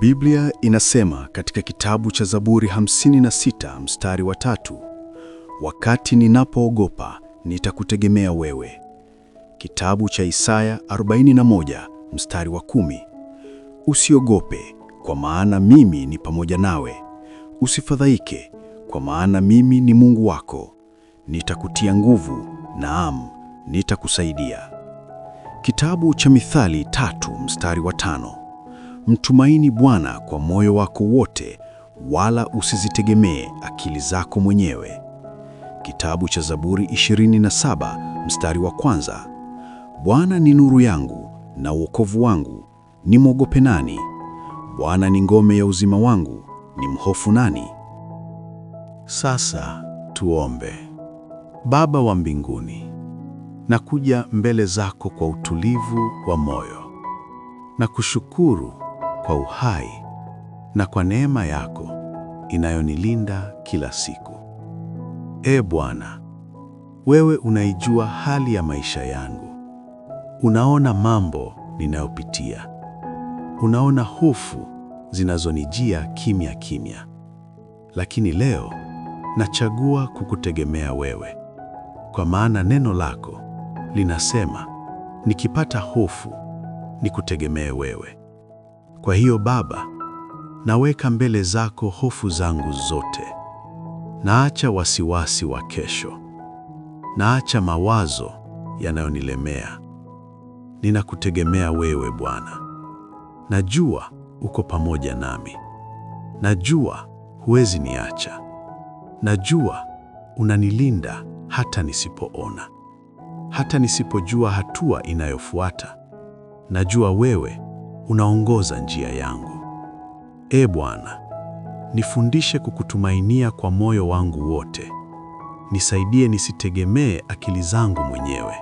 Biblia inasema katika kitabu cha Zaburi 56 mstari wa tatu, wakati ninapoogopa nitakutegemea wewe. Kitabu cha Isaya 41 mstari wa kumi, usiogope kwa maana mimi ni pamoja nawe, usifadhaike kwa maana mimi ni Mungu wako, nitakutia nguvu, naam, nitakusaidia. Kitabu cha Mithali tatu mstari wa tano Mtumaini Bwana kwa moyo wako wote, wala usizitegemee akili zako mwenyewe. Kitabu cha Zaburi 27 mstari wa kwanza. Bwana ni nuru yangu na wokovu wangu, ni mwogope nani? Bwana ni ngome ya uzima wangu, ni mhofu nani? Sasa tuombe. Baba wa mbinguni, nakuja mbele zako kwa utulivu wa moyo. Nakushukuru kwa uhai na kwa neema yako inayonilinda kila siku. Ee Bwana, wewe unaijua hali ya maisha yangu. Unaona mambo ninayopitia. Unaona hofu zinazonijia kimya kimya. Lakini leo nachagua kukutegemea wewe. Kwa maana neno lako linasema, nikipata hofu nikutegemee wewe. Kwa hiyo Baba, naweka mbele zako hofu zangu zote. Naacha wasiwasi wa kesho. Naacha mawazo yanayonilemea. Ninakutegemea wewe Bwana. Najua uko pamoja nami. Najua huwezi niacha. Najua unanilinda hata nisipoona, hata nisipojua hatua inayofuata. Najua wewe unaongoza njia yangu. E Bwana, nifundishe kukutumainia kwa moyo wangu wote. Nisaidie nisitegemee akili zangu mwenyewe,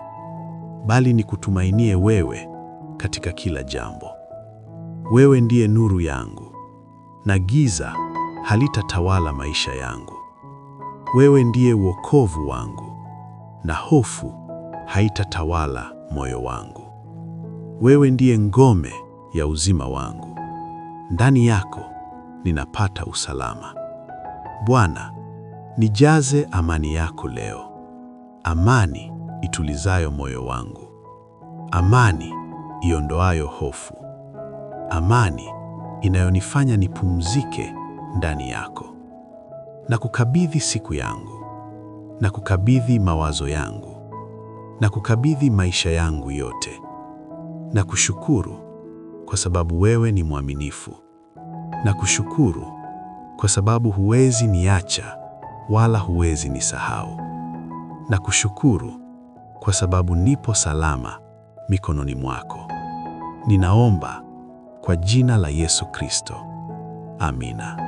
bali nikutumainie wewe katika kila jambo. Wewe ndiye nuru yangu, na giza halitatawala maisha yangu. Wewe ndiye wokovu wangu, na hofu haitatawala moyo wangu. Wewe ndiye ngome ya uzima wangu, ndani yako ninapata usalama. Bwana, nijaze amani yako leo, amani itulizayo moyo wangu, amani iondoayo hofu, amani inayonifanya nipumzike ndani yako. Na kukabidhi siku yangu, na kukabidhi mawazo yangu, na kukabidhi maisha yangu yote, na kushukuru kwa sababu wewe ni mwaminifu. Nakushukuru kwa sababu huwezi niacha wala huwezi nisahau. Nakushukuru kwa sababu nipo salama mikononi mwako. Ninaomba kwa jina la Yesu Kristo. Amina.